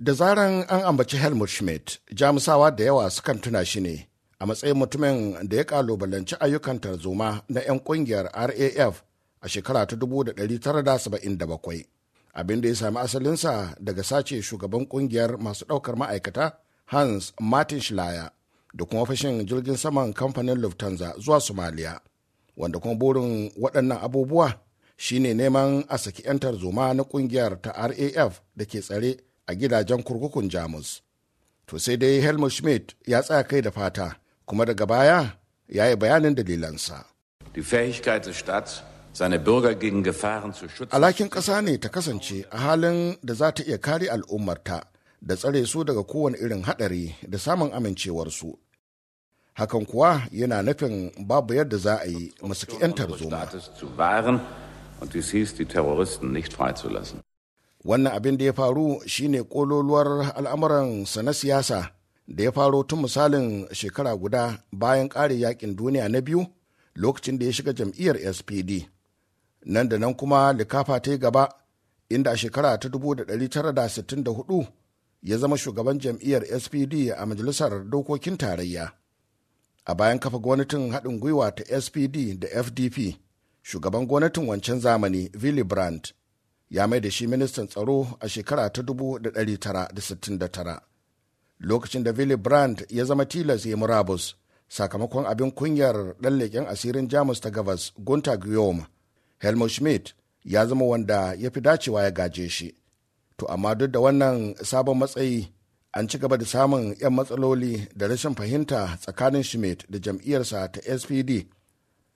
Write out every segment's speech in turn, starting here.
Da zaran an ambaci Helmut Schmidt, jamusawa da yawa sukan tuna shi ne a matsayin mutumin da ya kalubalanci ayyukan tarzoma na 'yan kungiyar RAF a shekara ta 1977, abin da ya sami asalinsa daga sace shugaban kungiyar masu ɗaukar ma'aikata Hans Martin Schleyer da kuma fashin jirgin saman kamfanin Lufthansa zuwa Somalia, wanda kuma burin waɗannan abubuwa shine neman a saki 'yan tarzoma na kungiyar ta RAF da ke tsare a gidajen kurkukun jamus to sai dai helmut schmidt ya tsaya kai da fata kuma daga baya ya yi bayanin dalilansa alakin ƙasa ne ta kasance a halin da za ta iya kare al'ummarta da tsare su daga kowane irin haɗari da samun amincewarsu hakan kuwa yana nufin babu yadda za a yi masu 'yan zoma. wannan abin da ya faru shine kololuwar al'amuran sa na siyasa da ya faru tun misalin shekara guda bayan ƙare yakin duniya na biyu lokacin da ya shiga jam'iyyar spd nan da nan kuma likafa ta gaba inda a shekara ta 1964 ya zama shugaban jam'iyyar spd a majalisar dokokin tarayya a bayan kafa gwamnatin haɗin gwiwa ta spd da fdp shugaban gwamnatin wancan zamani willy brandt ya mai da shi ministan tsaro a shekara ta 1969 lokacin da Willy Brandt ya zama tilas ya murabus sakamakon abin kunyar ɗan leƙen asirin Jamus ta gabas Gunta Guillaume. Helmut Schmidt ya zama wanda ya fi dacewa ya gaje shi. To amma duk da wannan sabon matsayi an ci gaba da samun 'yan matsaloli da rashin fahimta tsakanin Schmidt da jam'iyyarsa ta SPD.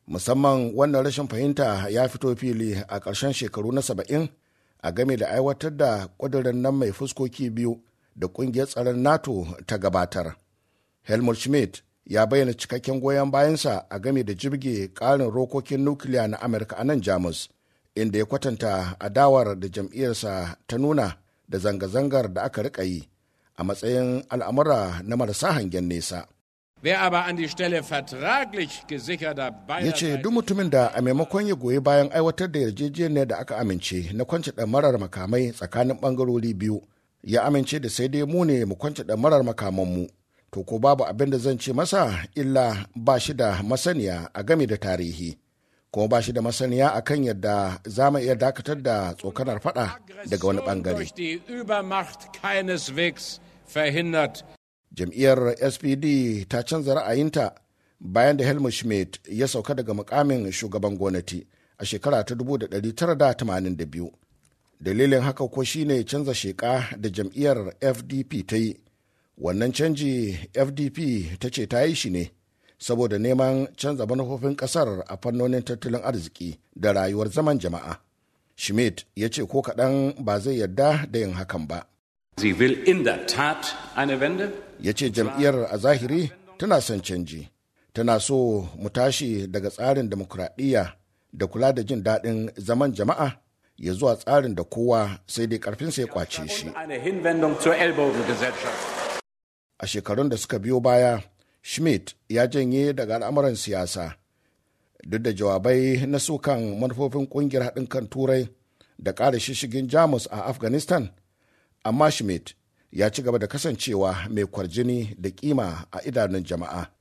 Musamman wannan rashin fahimta ya fito fili a ƙarshen shekaru na saba'in a game da aiwatar da ƙudurin nan mai fuskoki biyu da ƙungiyar tsaron nato ta gabatar helmut schmidt ya bayyana cikakken goyon bayansa a game da jirgin ƙarin rokokin nukiliya na amurka a nan jamus inda ya kwatanta adawar da jam'iyyarsa ta nuna da zanga-zangar da aka riƙa yi a matsayin al'amura na marasa hangen nesa ya ce duk mutumin da a maimakon ya goyi bayan aiwatar da yarjejeniyar da aka amince na kwanci ɗamarar makamai tsakanin ɓangarori biyu ya amince da sai dai mu ne mu kwanci ɗamarar makamanmu to ko babu abin da zan ce masa illa ba shi da masaniya a game da tarihi kuma ba shi da masaniya a kan yadda za mu iya dakatar da tsokanar fada daga wani ɓangare. jam'iyyar spd ta canza ra'ayinta bayan da helmut schmidt ya sauka daga mukamin shugaban gwamnati a shekara ta 1982 dalilin haka ko shine canza sheka da jam'iyyar fdp ta yi wannan canji fdp ta ce ta yi shi ne saboda neman canza manufofin kasar a fannonin tattalin arziki da rayuwar zaman jama'a schmidt ya ce ko kaɗan ba zai yarda da yin hakan ba Sie will Ya ce jam'iyyar a zahiri tana son canji, tana so mu tashi daga tsarin demokuraɗiyya da kula da jin daɗin zaman jama'a ya zuwa tsarin da kowa sai dai ƙarfinsa ya kwace shi. A shekarun da suka biyo baya, Schmidt ya janye daga al'amuran siyasa. Duk da jawabai na sukan manufofin ƙungiyar haɗin kan Turai da ƙara shishigin Jamus a Afghanistan, amma schmidt ya ci gaba da kasancewa mai kwarjini da kima a idanun jama'a